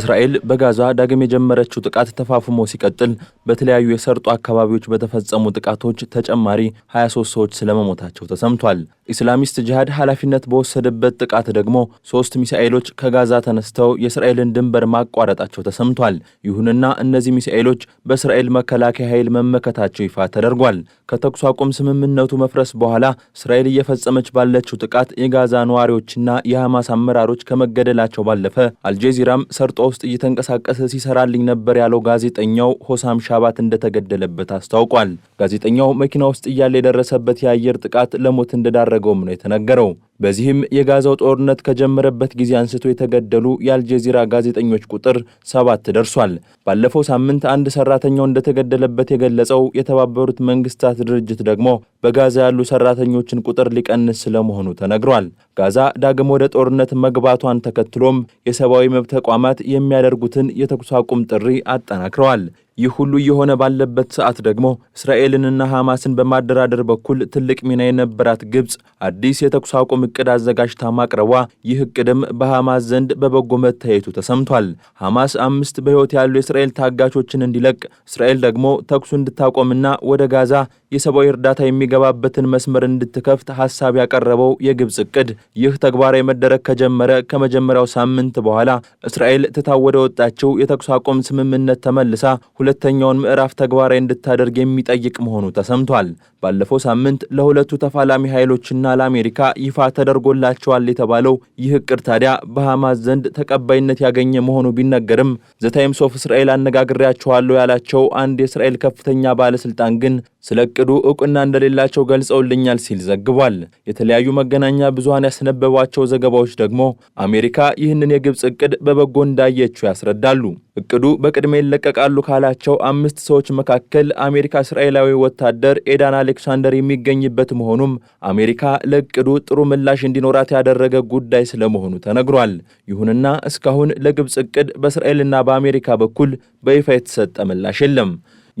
እስራኤል በጋዛ ዳግም የጀመረችው ጥቃት ተፋፍሞ ሲቀጥል በተለያዩ የሰርጡ አካባቢዎች በተፈጸሙ ጥቃቶች ተጨማሪ 23 ሰዎች ስለመሞታቸው ተሰምቷል። ኢስላሚስት ጅሃድ ኃላፊነት በወሰደበት ጥቃት ደግሞ ሶስት ሚሳኤሎች ከጋዛ ተነስተው የእስራኤልን ድንበር ማቋረጣቸው ተሰምቷል። ይሁንና እነዚህ ሚሳኤሎች በእስራኤል መከላከያ ኃይል መመከታቸው ይፋ ተደርጓል። ከተኩስ አቁም ስምምነቱ መፍረስ በኋላ እስራኤል እየፈጸመች ባለችው ጥቃት የጋዛ ነዋሪዎችና የሐማስ አመራሮች ከመገደላቸው ባለፈ አልጄዚራም ሰርጦ ውስጥ እየተንቀሳቀሰ ሲሰራልኝ ነበር ያለው ጋዜጠኛው ሆሳም ሻባት እንደተገደለበት አስታውቋል። ጋዜጠኛው መኪና ውስጥ እያለ የደረሰበት የአየር ጥቃት ለሞት እንደዳረ እንዳደረገውም ነው የተነገረው። በዚህም የጋዛው ጦርነት ከጀመረበት ጊዜ አንስቶ የተገደሉ የአልጀዚራ ጋዜጠኞች ቁጥር ሰባት ደርሷል። ባለፈው ሳምንት አንድ ሰራተኛው እንደተገደለበት የገለጸው የተባበሩት መንግስታት ድርጅት ደግሞ በጋዛ ያሉ ሰራተኞችን ቁጥር ሊቀንስ ስለመሆኑ ተነግሯል። ጋዛ ዳግም ወደ ጦርነት መግባቷን ተከትሎም የሰብአዊ መብት ተቋማት የሚያደርጉትን የተኩስ አቁም ጥሪ አጠናክረዋል። ይህ ሁሉ እየሆነ ባለበት ሰዓት ደግሞ እስራኤልንና ሐማስን በማደራደር በኩል ትልቅ ሚና የነበራት ግብፅ አዲስ የተኩስ አቁም እቅድ አዘጋጅታ ማቅረቧ፣ ይህ እቅድም በሐማስ ዘንድ በበጎ መታየቱ ተሰምቷል። ሐማስ አምስት በሕይወት ያሉ የእስራኤል ታጋቾችን እንዲለቅ፣ እስራኤል ደግሞ ተኩሱ እንድታቆምና ወደ ጋዛ የሰብአዊ እርዳታ የሚገባበትን መስመር እንድትከፍት ሀሳብ ያቀረበው የግብፅ እቅድ ይህ ተግባራዊ መደረግ ከጀመረ ከመጀመሪያው ሳምንት በኋላ እስራኤል ተታወደ ወደ ወጣችው የተኩስ አቁም ስምምነት ተመልሳ ሁለተኛውን ምዕራፍ ተግባራዊ እንድታደርግ የሚጠይቅ መሆኑ ተሰምቷል። ባለፈው ሳምንት ለሁለቱ ተፋላሚ ኃይሎችና ለአሜሪካ ይፋ ተደርጎላቸዋል የተባለው ይህ እቅድ ታዲያ በሐማስ ዘንድ ተቀባይነት ያገኘ መሆኑ ቢነገርም ዘታይም ሶፍ ኦፍ እስራኤል አነጋግሬያቸዋለሁ ያላቸው አንድ የእስራኤል ከፍተኛ ባለስልጣን ግን ስለ ለእቅዱ እውቅና እንደሌላቸው ገልጸውልኛል ሲል ዘግቧል። የተለያዩ መገናኛ ብዙሃን ያስነበቧቸው ዘገባዎች ደግሞ አሜሪካ ይህንን የግብፅ እቅድ በበጎ እንዳየችው ያስረዳሉ። እቅዱ በቅድሜ ይለቀቃሉ ካላቸው አምስት ሰዎች መካከል አሜሪካ እስራኤላዊ ወታደር ኤዳን አሌክሳንደር የሚገኝበት መሆኑም አሜሪካ ለእቅዱ ጥሩ ምላሽ እንዲኖራት ያደረገ ጉዳይ ስለመሆኑ ተነግሯል። ይሁንና እስካሁን ለግብፅ እቅድ በእስራኤልና በአሜሪካ በኩል በይፋ የተሰጠ ምላሽ የለም።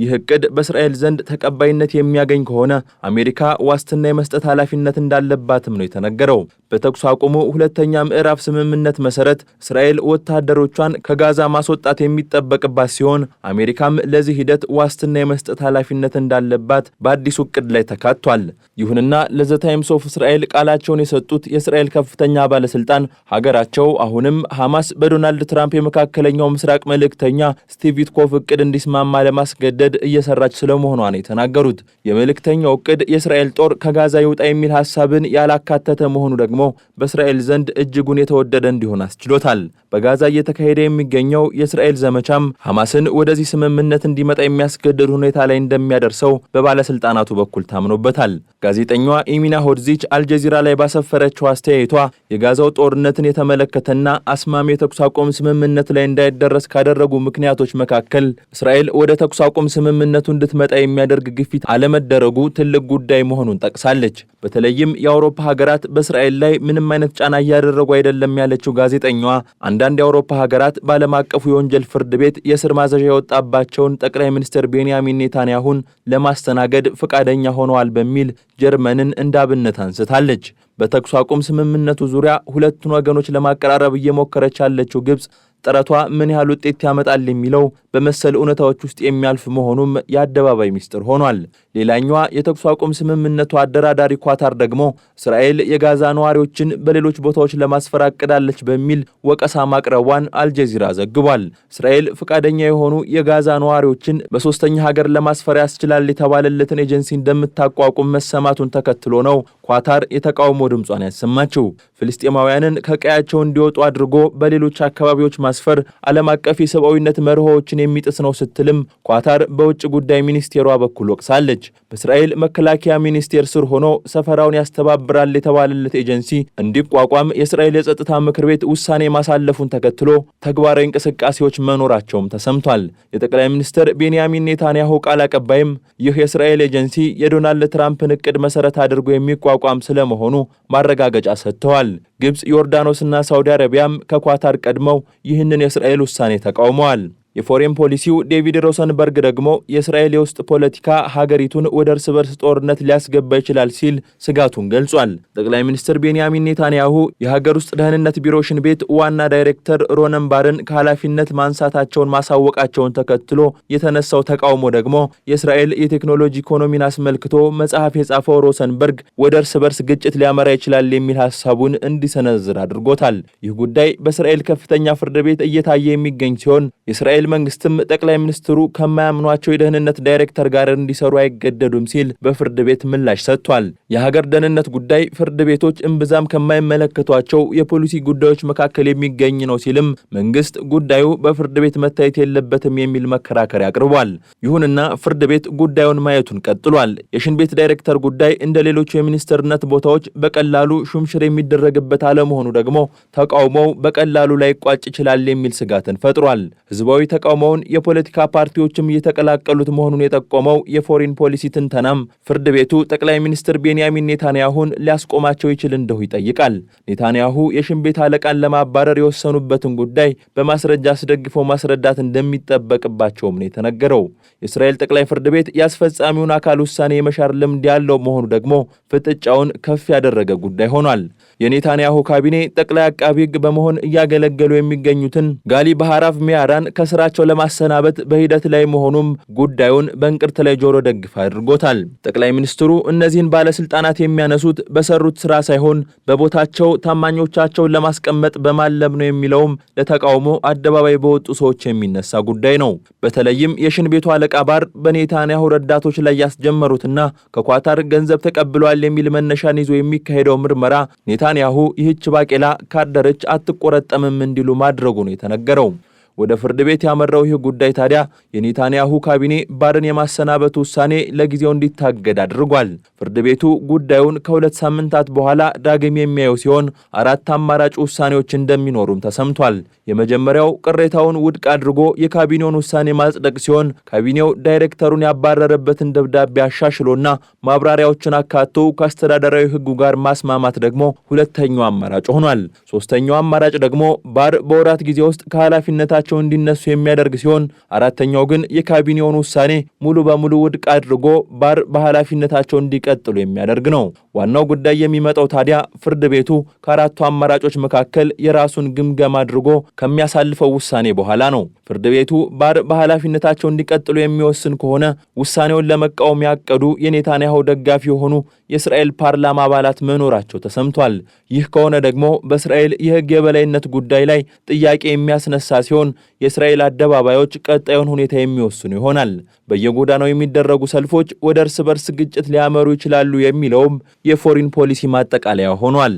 ይህ እቅድ በእስራኤል ዘንድ ተቀባይነት የሚያገኝ ከሆነ አሜሪካ ዋስትና የመስጠት ኃላፊነት እንዳለባትም ነው የተነገረው። በተኩስ አቁሙ ሁለተኛ ምዕራፍ ስምምነት መሰረት እስራኤል ወታደሮቿን ከጋዛ ማስወጣት የሚጠበቅባት ሲሆን አሜሪካም ለዚህ ሂደት ዋስትና የመስጠት ኃላፊነት እንዳለባት በአዲሱ እቅድ ላይ ተካቷል። ይሁንና ለዘ ታይምስ ኦፍ እስራኤል ቃላቸውን የሰጡት የእስራኤል ከፍተኛ ባለስልጣን ሀገራቸው አሁንም ሐማስ በዶናልድ ትራምፕ የመካከለኛው ምስራቅ መልእክተኛ ስቲቭ ዊትኮፍ እቅድ እንዲስማማ ለማስገደድ ለማስገደድ እየሰራች ስለመሆኗ ነው የተናገሩት። የመልእክተኛው እቅድ የእስራኤል ጦር ከጋዛ ይውጣ የሚል ሀሳብን ያላካተተ መሆኑ ደግሞ በእስራኤል ዘንድ እጅጉን የተወደደ እንዲሆን አስችሎታል። በጋዛ እየተካሄደ የሚገኘው የእስራኤል ዘመቻም ሐማስን ወደዚህ ስምምነት እንዲመጣ የሚያስገድድ ሁኔታ ላይ እንደሚያደርሰው በባለስልጣናቱ በኩል ታምኖበታል። ጋዜጠኛዋ ኢሚና ሆድዚች አልጀዚራ ላይ ባሰፈረችው አስተያየቷ የጋዛው ጦርነትን የተመለከተና አስማሚ የተኩስ አቁም ስምምነት ላይ እንዳይደረስ ካደረጉ ምክንያቶች መካከል እስራኤል ወደ ተኩስ አቁም ስምምነቱ እንድትመጣ የሚያደርግ ግፊት አለመደረጉ ትልቅ ጉዳይ መሆኑን ጠቅሳለች። በተለይም የአውሮፓ ሀገራት በእስራኤል ላይ ምንም አይነት ጫና እያደረጉ አይደለም ያለችው ጋዜጠኛዋ አንዳንድ የአውሮፓ ሀገራት በዓለም አቀፉ የወንጀል ፍርድ ቤት የእስር ማዘዣ የወጣባቸውን ጠቅላይ ሚኒስትር ቤንያሚን ኔታንያሁን ለማስተናገድ ፈቃደኛ ሆነዋል በሚል ጀርመንን እንደ አብነት አንስታለች። በተኩስ አቁም ስምምነቱ ዙሪያ ሁለቱን ወገኖች ለማቀራረብ እየሞከረች ያለችው ግብጽ ጥረቷ ምን ያህል ውጤት ያመጣል የሚለው በመሰል እውነታዎች ውስጥ የሚያልፍ መሆኑም የአደባባይ ሚስጥር ሆኗል። ሌላኛዋ የተኩስ አቁም ስምምነቱ አደራዳሪ ኳታር ደግሞ እስራኤል የጋዛ ነዋሪዎችን በሌሎች ቦታዎች ለማስፈር አቅዳለች በሚል ወቀሳ ማቅረቧን አልጀዚራ ዘግቧል። እስራኤል ፈቃደኛ የሆኑ የጋዛ ነዋሪዎችን በሶስተኛ ሀገር ለማስፈር ያስችላል የተባለለትን ኤጀንሲ እንደምታቋቁም መሰማቱን ተከትሎ ነው ኳታር የተቃውሞ ድምጿን ያሰማችው። ፍልስጤማውያንን ከቀያቸው እንዲወጡ አድርጎ በሌሎች አካባቢዎች ማስፈር ዓለም አቀፍ የሰብአዊነት መርሆዎችን የሚጥስ ነው ስትልም ኳታር በውጭ ጉዳይ ሚኒስቴሯ በኩል ወቅሳለች። በእስራኤል መከላከያ ሚኒስቴር ስር ሆኖ ሰፈራውን ያስተባብራል የተባለለት ኤጀንሲ እንዲቋቋም የእስራኤል የጸጥታ ምክር ቤት ውሳኔ ማሳለፉን ተከትሎ ተግባራዊ እንቅስቃሴዎች መኖራቸውም ተሰምቷል። የጠቅላይ ሚኒስትር ቤንያሚን ኔታንያሁ ቃል አቀባይም ይህ የእስራኤል ኤጀንሲ የዶናልድ ትራምፕን እቅድ መሰረት አድርጎ የሚቋቋም ስለመሆኑ ማረጋገጫ ሰጥተዋል። ግብፅ፣ ዮርዳኖስና ሳውዲ አረቢያም ከኳታር ቀድመው ይህ ይህንን የእስራኤል ውሳኔ ተቃውመዋል። የፎሬን ፖሊሲው ዴቪድ ሮሰንበርግ ደግሞ የእስራኤል የውስጥ ፖለቲካ ሀገሪቱን ወደ እርስ በርስ ጦርነት ሊያስገባ ይችላል ሲል ስጋቱን ገልጿል። ጠቅላይ ሚኒስትር ቤንያሚን ኔታንያሁ የሀገር ውስጥ ደህንነት ቢሮ ሽን ቤት ዋና ዳይሬክተር ሮነንባርን ከኃላፊነት ማንሳታቸውን ማሳወቃቸውን ተከትሎ የተነሳው ተቃውሞ ደግሞ የእስራኤል የቴክኖሎጂ ኢኮኖሚን አስመልክቶ መጽሐፍ የጻፈው ሮሰንበርግ ወደ እርስ በርስ ግጭት ሊያመራ ይችላል የሚል ሀሳቡን እንዲሰነዝር አድርጎታል። ይህ ጉዳይ በእስራኤል ከፍተኛ ፍርድ ቤት እየታየ የሚገኝ ሲሆን የእስራኤል የክልል መንግስትም ጠቅላይ ሚኒስትሩ ከማያምኗቸው የደህንነት ዳይሬክተር ጋር እንዲሰሩ አይገደዱም ሲል በፍርድ ቤት ምላሽ ሰጥቷል። የሀገር ደህንነት ጉዳይ ፍርድ ቤቶች እምብዛም ከማይመለከቷቸው የፖሊሲ ጉዳዮች መካከል የሚገኝ ነው ሲልም መንግስት ጉዳዩ በፍርድ ቤት መታየት የለበትም የሚል መከራከሪያ አቅርቧል። ይሁንና ፍርድ ቤት ጉዳዩን ማየቱን ቀጥሏል። የሽን ቤት ዳይሬክተር ጉዳይ እንደ ሌሎቹ የሚኒስትርነት ቦታዎች በቀላሉ ሹምሽር የሚደረግበት አለመሆኑ ደግሞ ተቃውሞው በቀላሉ ላይቋጭ ይችላል የሚል ስጋትን ፈጥሯል። ህዝባዊ ተቃውሞውን የፖለቲካ ፓርቲዎችም እየተቀላቀሉት መሆኑን የጠቆመው የፎሪን ፖሊሲ ትንተናም ፍርድ ቤቱ ጠቅላይ ሚኒስትር ቤንያሚን ኔታንያሁን ሊያስቆማቸው ይችል እንደሁ ይጠይቃል። ኔታንያሁ የሽንቤት አለቃን ለማባረር የወሰኑበትን ጉዳይ በማስረጃ አስደግፈው ማስረዳት እንደሚጠበቅባቸውም ነው የተነገረው። የእስራኤል ጠቅላይ ፍርድ ቤት የአስፈጻሚውን አካል ውሳኔ የመሻር ልምድ ያለው መሆኑ ደግሞ ፍጥጫውን ከፍ ያደረገ ጉዳይ ሆኗል። የኔታንያሁ ካቢኔ ጠቅላይ አቃቢ ሕግ በመሆን እያገለገሉ የሚገኙትን ጋሊ ባህራፍ ሚያራን ከስራ ከስራቸው ለማሰናበት በሂደት ላይ መሆኑም ጉዳዩን በእንቅርት ላይ ጆሮ ደግፍ አድርጎታል። ጠቅላይ ሚኒስትሩ እነዚህን ባለስልጣናት የሚያነሱት በሰሩት ስራ ሳይሆን በቦታቸው ታማኞቻቸውን ለማስቀመጥ በማለም ነው የሚለውም ለተቃውሞ አደባባይ በወጡ ሰዎች የሚነሳ ጉዳይ ነው። በተለይም የሽን ቤቱ አለቃ ባር በኔታንያሁ ረዳቶች ላይ ያስጀመሩትና ከኳታር ገንዘብ ተቀብሏል የሚል መነሻን ይዞ የሚካሄደው ምርመራ ኔታንያሁ ይህች ባቄላ ካደረች አትቆረጠምም እንዲሉ ማድረጉ ነው የተነገረው። ወደ ፍርድ ቤት ያመራው ይህ ጉዳይ ታዲያ የኔታንያሁ ካቢኔ ባርን የማሰናበት ውሳኔ ለጊዜው እንዲታገድ አድርጓል። ፍርድ ቤቱ ጉዳዩን ከሁለት ሳምንታት በኋላ ዳግም የሚያየው ሲሆን አራት አማራጭ ውሳኔዎች እንደሚኖሩም ተሰምቷል። የመጀመሪያው ቅሬታውን ውድቅ አድርጎ የካቢኔውን ውሳኔ ማጽደቅ ሲሆን ካቢኔው ዳይሬክተሩን ያባረረበትን ደብዳቤ አሻሽሎና ማብራሪያዎችን አካቶ ከአስተዳደራዊ ሕጉ ጋር ማስማማት ደግሞ ሁለተኛው አማራጭ ሆኗል። ሶስተኛው አማራጭ ደግሞ ባር በወራት ጊዜ ውስጥ ከኃላፊነታቸው ከስራቸው እንዲነሱ የሚያደርግ ሲሆን አራተኛው ግን የካቢኔውን ውሳኔ ሙሉ በሙሉ ውድቅ አድርጎ ባር በኃላፊነታቸው እንዲቀጥሉ የሚያደርግ ነው። ዋናው ጉዳይ የሚመጣው ታዲያ ፍርድ ቤቱ ከአራቱ አማራጮች መካከል የራሱን ግምገማ አድርጎ ከሚያሳልፈው ውሳኔ በኋላ ነው። ፍርድ ቤቱ ባር በኃላፊነታቸው እንዲቀጥሉ የሚወስን ከሆነ ውሳኔውን ለመቃወም ያቀዱ የኔታንያሁ ደጋፊ የሆኑ የእስራኤል ፓርላማ አባላት መኖራቸው ተሰምቷል። ይህ ከሆነ ደግሞ በእስራኤል የሕግ የበላይነት ጉዳይ ላይ ጥያቄ የሚያስነሳ ሲሆን የእስራኤል አደባባዮች ቀጣዩን ሁኔታ የሚወስኑ ይሆናል። በየጎዳናው የሚደረጉ ሰልፎች ወደ እርስ በርስ ግጭት ሊያመሩ ይችላሉ የሚለውም የፎሪን ፖሊሲ ማጠቃለያ ሆኗል።